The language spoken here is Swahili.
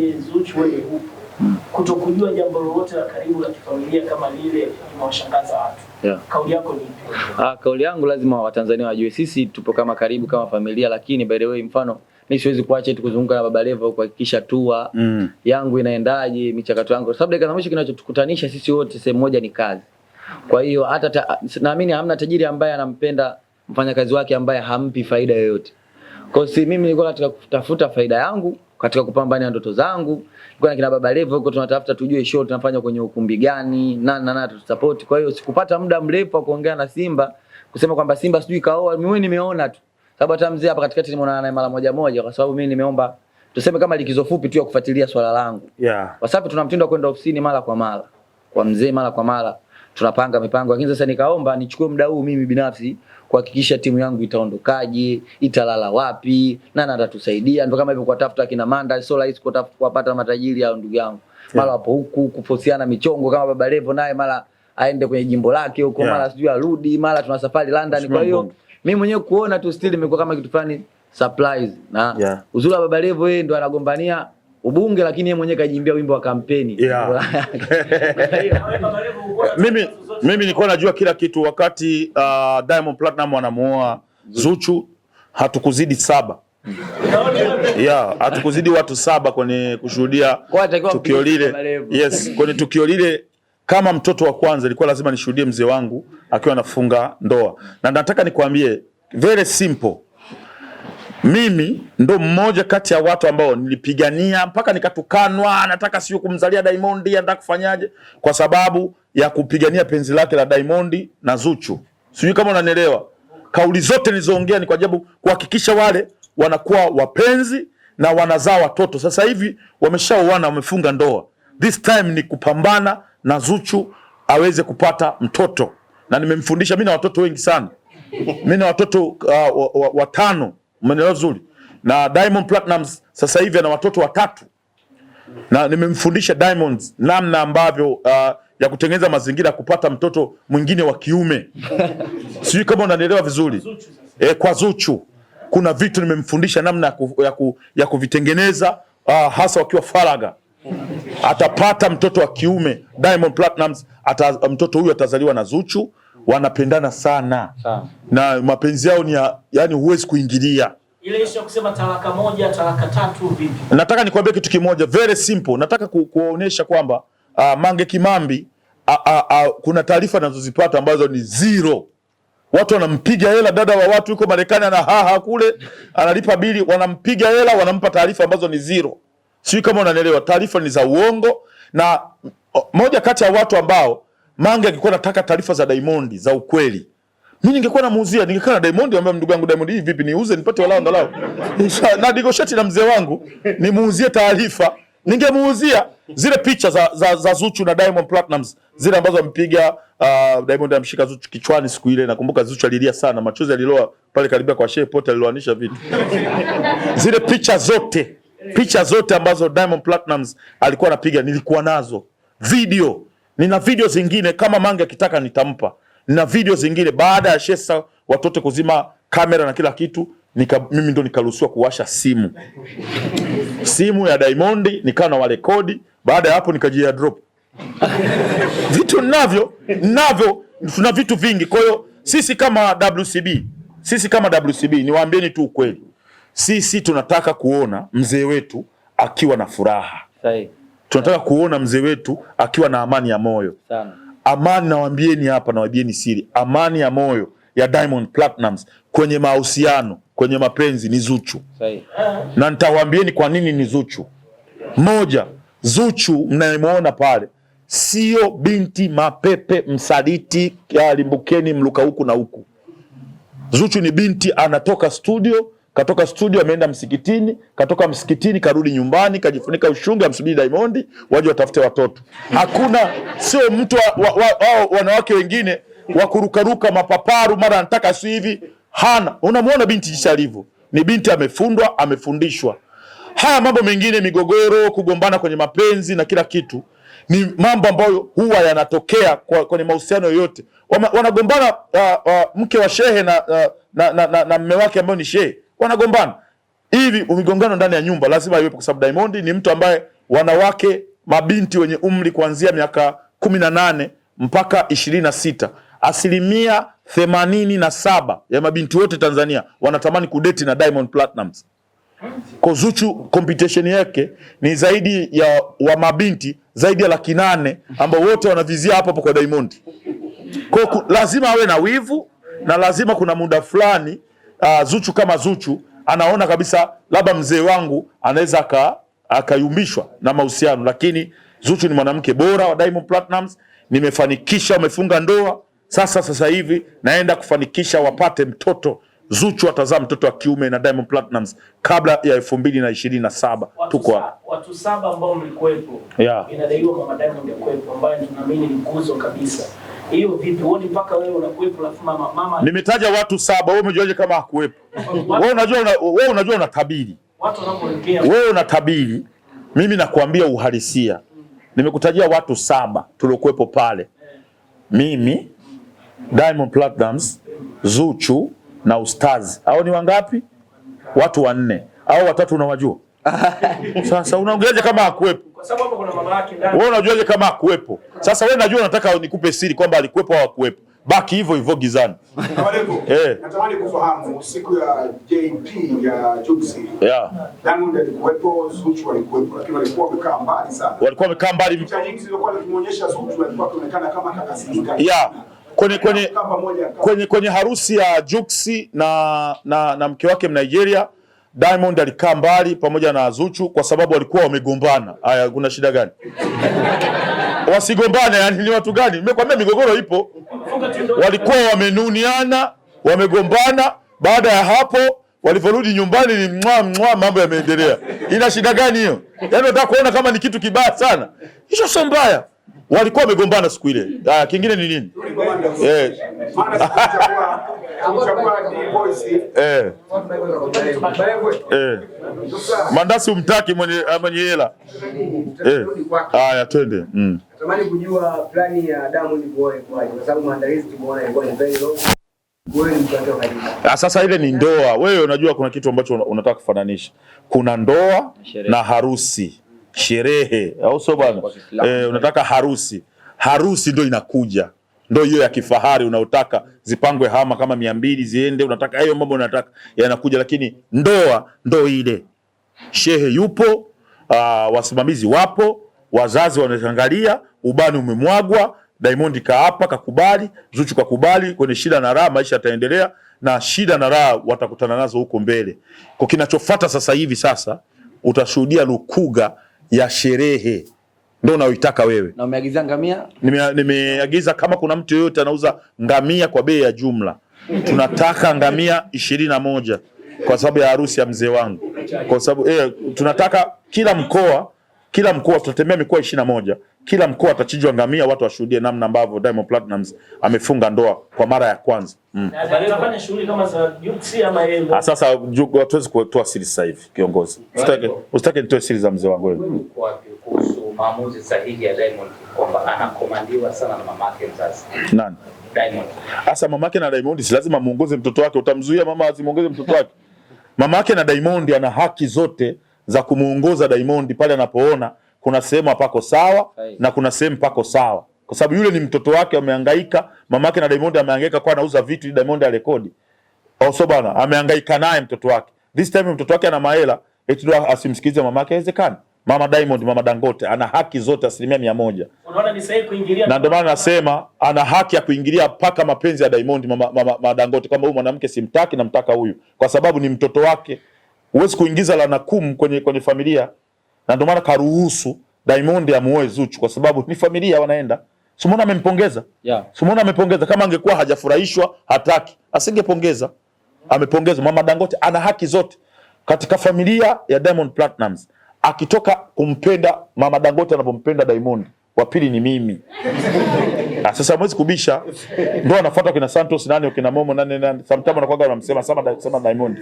Zuchu wewe hupo kutokujua jambo lolote la karibu la kifamilia kama lile linawashangaza watu. Yeah. Kauli yako ni ipi? Ah, kauli yangu lazima Watanzania wajue sisi tupo kama karibu kama familia, lakini by the way, mfano mi siwezi kuacha tu kuzunguka na Baba Levo kuhakikisha tua mm. yangu inaendaje, michakato yangu, sababu dakika za mwisho kinachotukutanisha sisi wote sehemu moja ni kazi. Kwa hiyo hata naamini hamna tajiri ambaye anampenda mfanyakazi wake ambaye hampi faida yoyote. Kwa hiyo si mimi nilikuwa katika kutafuta faida yangu katika kupambania ndoto zangu. Nilikuwa na kina Baba Levo huko tunatafuta tujue show tunafanya kwenye ukumbi gani, na na na tutusupport. Kwa hiyo sikupata muda mrefu wa kuongea na Simba kusema kwamba Simba sijui kaoa, mimi nimeona tu. Sababu hata mzee hapa katikati nimeona naye mara moja moja kwa sababu mimi nimeomba tuseme kama likizo fupi tu ya kufuatilia swala langu. Yeah. Kwa sababu tuna mtindo wa kwenda ofisini mara kwa mara. Kwa mzee mara kwa mara tunapanga mipango, lakini sasa nikaomba nichukue muda huu mimi binafsi kuhakikisha timu yangu itaondokaje, italala wapi, nani atatusaidia. Ndio kama hivyo kuwatafuta kina Manda, sio rahisi kuwapata matajiri hao ndugu yangu, yeah. mara wapo huku kufosiana michongo kama Baba Levo naye mara aende kwenye jimbo lake huko yeah. mara sijui arudi, mara tuna safari London. Kwa hiyo mimi mwenyewe kuona tu still imekuwa kama kitu fulani surprise na yeah. uzuri wa Baba Levo, yeye ndo anagombania ubunge, lakini yeye mwenyewe kajimbia wimbo wa kampeni yeah. mimi mimi nilikuwa najua kila kitu wakati uh, Diamond Platinum anamuoa Zuchu, hatukuzidi saba ya yeah, hatukuzidi watu saba kwenye kushuhudia tukio lile. Yes, kwenye tukio lile kama mtoto wa kwanza ilikuwa lazima nishuhudie mzee wangu akiwa anafunga ndoa, na nataka nikwambie very simple, mimi ndo mmoja kati ya watu ambao nilipigania mpaka nikatukanwa, nataka sio kumzalia Diamond, nataka kufanyaje, kwa sababu ya kupigania penzi lake la Diamond na Zuchu. Sijui kama unanielewa. Kauli zote nilizoongea ni kwa ajabu kuhakikisha wale wanakuwa wapenzi na wanazaa watoto. Sasa hivi wameshaoana, wamefunga ndoa. This time ni kupambana na Zuchu aweze kupata mtoto, na nimemfundisha mimi na watoto wengi sana, mimi na watoto uh, watano, umeelewa vizuri. Na Diamond Platnumz sasa hivi ana watoto watatu, na nimemfundisha Diamonds namna ambavyo uh, ya kutengeneza mazingira ya kupata mtoto mwingine wa kiume sijui kama unanielewa vizuri e, kwa Zuchu kuna vitu nimemfundisha namna ya, ku, ya, ku, ya kuvitengeneza uh, hasa wakiwa faraga. Atapata mtoto wa kiume Diamond Platnumz, ata, mtoto huyu atazaliwa na Zuchu, wanapendana sana na mapenzi yao ni ya, yani huwezi kuingilia ile issue ya kusema talaka moja, talaka tatu vipi. Nataka nikwambie kitu kimoja very simple, nataka ku, kuonesha kwamba uh, Mange Kimambi uh, uh, uh, kuna taarifa nazozipata ambazo ni zero. Watu wanampiga hela dada wa watu yuko Marekani ana haha kule analipa bili, wanampiga hela, wanampa taarifa ambazo ni zero. Sijui kama unanielewa, taarifa ni za uongo. Na moja kati ya watu ambao Mange alikuwa anataka taarifa za Diamond za ukweli, mimi ningekuwa namuuzia, ningekaa na Diamond ambaye mdogo wangu Diamond, hii vipi niuze nipate walao angalau na negotiate na mzee wangu nimuuzie taarifa, ningemuuzia zile picha za, za, za Zuchu na Diamond Platnumz zile ambazo amepiga uh, Diamond amshika Zuchu kichwani siku ile, nakumbuka Zuchu alilia sana, machozi aliloa pale karibia kwa shehe pote, aliloanisha vitu zile picha zote, picha zote ambazo Diamond Platnumz alikuwa anapiga nilikuwa nazo video. Nina video zingine kama Mange akitaka nitampa, nina video zingine baada ya Shesa watoto kuzima kamera na kila kitu nika, mimi ndo nikaruhusiwa kuwasha simu simu ya Diamond, nikawa na warekodi. Baada ya hapo nikajia drop vitu navyo navyo, tuna vitu vingi. Kwa hiyo sisi kama WCB, sisi kama WCB niwaambieni tu ukweli, sisi tunataka kuona mzee wetu akiwa na furaha Sahi. tunataka kuona mzee wetu akiwa na amani ya moyo Sana. Amani nawaambieni hapa, nawaambieni siri, amani ya moyo ya Diamond Platnumz kwenye mahusiano kwenye mapenzi ni Zuchu. Sahi. Na nitawaambieni kwa nini ni Zuchu. Moja, Zuchu mnayemwona pale sio binti mapepe msaliti, alimbukeni mluka huku na huku. Zuchu ni binti anatoka studio, katoka studio ameenda msikitini, katoka msikitini karudi nyumbani, kajifunika ushungi, amsubiri Diamond waje watafute watoto. Hakuna, sio mtu wa, wa, wa, wa, wanawake wengine wakurukaruka mapaparu, mara anataka si hivi hana. Unamwona binti jinsi alivyo, ni binti amefundwa, amefundishwa. Haya mambo mengine, migogoro, kugombana kwenye mapenzi na kila kitu, ni mambo ambayo huwa yanatokea kwenye mahusiano yoyote. Wanagombana uh, uh, mke wa shehe na, uh, na, na, na, na mme wake ambayo ni shehe wanagombana hivi. Migongano ndani ya nyumba lazima iwepo, kwa sababu Diamond ni mtu ambaye wanawake, mabinti wenye umri kuanzia miaka kumi na nane mpaka ishirini na sita asilimia themanini na saba ya mabinti wote Tanzania wanatamani kudeti na Diamond Platnumz. Kozuchu competition yake ni zaidi ya wa mabinti zaidi ya laki nane ambao wote wanavizia hapo hapo kwa Diamond. Kwa lazima awe na wivu na lazima kuna muda fulani uh, Zuchu kama Zuchu anaona kabisa labda mzee wangu anaweza akayumbishwa na mahusiano, lakini Zuchu ni mwanamke bora wa Diamond Platnumz, nimefanikisha, umefunga ndoa sasa sasa hivi naenda kufanikisha wapate mtoto Zuchu atazaa mtoto wa kiume na Diamond Platnumz kabla ya elfu mbili na ishirini na saba. Tuko watu saba ambao mlikuwepo, yeah. Inadaiwa mama Diamond ya alikuwepo, ambaye tunaamini ni nguzo kabisa. Hiyo vipi wewe mpaka wewe unakuwepo, alafu mama mama, nimetaja watu saba, wewe umejuaje kama hakuwepo? Wewe unajua wewe unajua unatabiri watu wanapoelekea, wewe unatabiri, mimi nakuambia uhalisia. Nimekutajia watu saba tuliokuwepo pale, mimi Diamond Platinums, Zuchu na Ustaz. Hao ni wangapi? Watu wanne. Hao watatu unawajua? Sasa unaongeaje kama hakuwepo? Kwa sababu kuna mama yake ndani. Wewe unajuaje kama hakuwepo? Sasa wewe najua nataka nikupe siri kwamba alikuwepo au hakuwepo. Baki hivyo hivyo gizani. Eh. Natamani kufahamu siku ya JP ya Juksi. Yeah. Diamond alikuwepo, Zuchu alikuwepo, lakini walikuwa wamekaa mbali sana. Walikuwa wamekaa mbali. Cha nyingi zilizokuwa zikimuonyesha Zuchu alikuwa akionekana kama kakasikika. Yeah kwenye, kwenye, kwenye, kwenye harusi ya Juksi na, na, na mke wake Mnigeria, Diamond alikaa mbali pamoja na Zuchu kwa sababu walikuwa wamegombana. Aya, kuna shida gani? Wasigombane, yani ni watu gani? Nimekwambia migogoro ipo. Walikuwa wamenuniana, wamegombana, baada ya hapo walivyorudi nyumbani ni mwa mwa, mambo yameendelea. Ina shida gani hiyo? Yaani nataka kuona kama ni kitu kibaya sana. Hicho sio mbaya. Walikuwa wamegombana siku ile. Aya, kingine ni nini? Eh. Eh. Mandasi umtaki ah, mwenye hela. Eh. Haya, twende. Mm. Natamani kujua plani ya Diamond kwa sababu maandalizi tumeona ilikuwa ni very low. Ah, sasa ile ni ndoa. Wewe unajua kuna kitu ambacho unataka kufananisha, kuna ndoa na harusi, sherehe, au sio bwana? Eh, unataka harusi, harusi ndio inakuja. Ndio hiyo ya kifahari unaotaka zipangwe hama kama mia mbili ziende, unataka hayo mambo, unataka yanakuja. Lakini ndoa ndo ile, shehe yupo, aa, ah, wasimamizi wapo, wazazi wanaangalia, ubani umemwagwa, Diamond kaapa, kakubali, Zuchu kakubali, kwenye shida na raha maisha yataendelea, na shida na raha watakutana nazo huko mbele. Kwa kinachofuata sasa hivi, sasa utashuhudia lukuga ya sherehe ndo unaoitaka wewe. Na umeagiza ngamia? Nime, nimeagiza kama kuna mtu yoyote anauza ngamia kwa bei ya jumla, tunataka ngamia ishirini na moja kwa sababu ya harusi ya mzee wangu, kwa sababu eh, tunataka kila mkoa kila mkoa tutatembea mikoa ishirini na moja kila mkoa atachinjwa ngamia, watu washuhudie namna ambavyo Diamond Platnumz amefunga ndoa kwa mara ya kwanza mm. Ah, sasa hatuwezi kutoa siri sasa hivi kiongozi, usitake nitoe siri za mzee wangu wewe maamuzi sahihi ya Diamond kwamba anakomandiwa sana na mamake mzazi. Nani? Diamond. Sasa mamake na Diamond si lazima muongoze mtoto wake, utamzuia mama asimuongoze mtoto wake? Mamake na Diamond ana haki zote za kumuongoza Diamond pale anapoona kuna sehemu hapako sawa Hai. na kuna sehemu pako sawa, kwa sababu yule ni mtoto wake, amehangaika. Mamake na Diamond amehangaika kwa anauza vitu ili Diamond arekodi, au oh, sio bana? Amehangaika naye mtoto wake, this time mtoto wake ana mahela, eti asimsikilize mamake, haiwezekani. Mama Diamond, Mama Dangote ana haki zote asilimia mia moja. Unaona ni sahihi kuingilia, na ndio maana nasema ana haki ya kuingilia mpaka mapenzi ya Diamond mama, mama, mama Dangote kwamba huyu mwanamke simtaki, namtaka huyu kwa sababu ni mtoto wake. Huwezi kuingiza laana kumu kwenye, kwenye familia, na ndio maana karuhusu Diamond amuoe Zuchu kwa sababu ni familia wanaenda. Simona amempongeza yeah. Simona amempongeza? Kama angekuwa hajafurahishwa hataki asingepongeza, amepongeza. Mama Dangote ana haki zote katika familia ya Diamond Platnumz akitoka kumpenda mama Dangote anavyompenda Diamond, wa pili ni mimi. Ah, sasa mwezi kubisha, ndo anafuata kina Santos nani, kina Momo nani nani, sometimes anakuwa sama sama Diamond.